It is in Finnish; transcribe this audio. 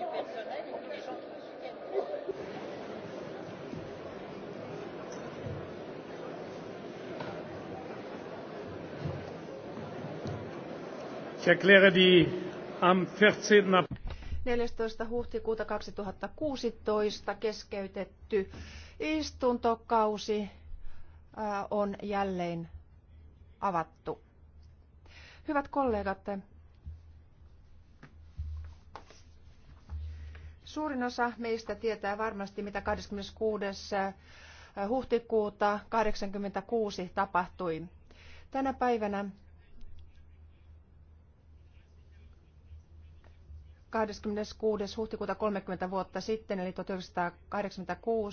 du personnel et puis des gens qui nous soutiennent. am 14. 14. huhtikuuta 2016 keskeytetty istuntokausi äh, on jälleen avattu. Hyvät kollegat, Suurin osa meistä tietää varmasti, mitä 26. Äh, huhtikuuta 1986 tapahtui. Tänä päivänä 26. huhtikuuta 30 vuotta sitten, eli 1986,